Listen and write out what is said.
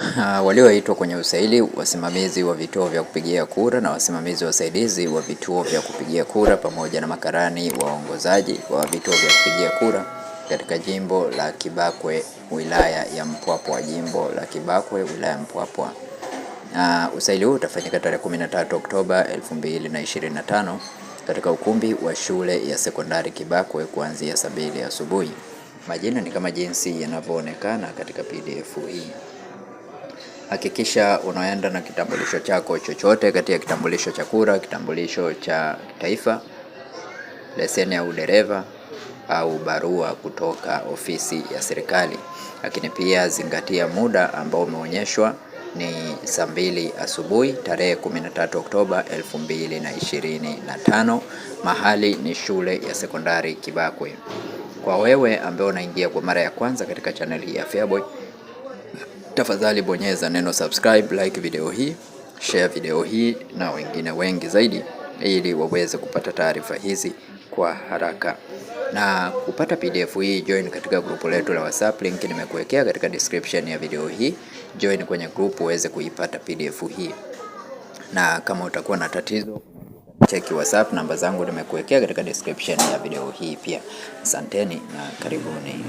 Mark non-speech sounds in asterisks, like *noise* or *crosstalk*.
Uh, *laughs* walioitwa kwenye usaili wasimamizi wa vituo vya kupigia kura na wasimamizi wasaidizi wa vituo vya kupigia kura pamoja na makarani waongozaji wa vituo vya kupigia kura katika jimbo la Kibakwe wilaya ya Mpwapwa, jimbo la Kibakwe wilaya ya Mpwapwa. Uh, usaili huu utafanyika tarehe 13 Oktoba 2025 katika ukumbi wa shule ya sekondari Kibakwe kuanzia saa mbili asubuhi. Majina ni kama jinsi yanavyoonekana katika PDF hii. E hakikisha unaenda na kitambulisho chako chochote kati ya kitambulisho cha kura, kitambulisho cha taifa, leseni ya udereva au barua kutoka ofisi ya serikali. Lakini pia zingatia muda ambao umeonyeshwa ni saa mbili asubuhi tarehe 13 Oktoba 2025. Mahali ni shule ya sekondari Kibakwe. Kwa wewe ambaye unaingia kwa mara ya kwanza katika channel hii ya Feaboy tafadhali bonyeza neno subscribe, like video hii, share video hii na wengine wengi zaidi, ili waweze kupata taarifa hizi kwa haraka na kupata PDF hii, join katika grupu letu la WhatsApp, link nimekuwekea katika description ya video hii. Join kwenye grupu uweze kuipata PDF hii, na kama utakuwa na tatizo cheki WhatsApp, namba zangu nimekuwekea katika description ya video hii pia. Asanteni na karibuni.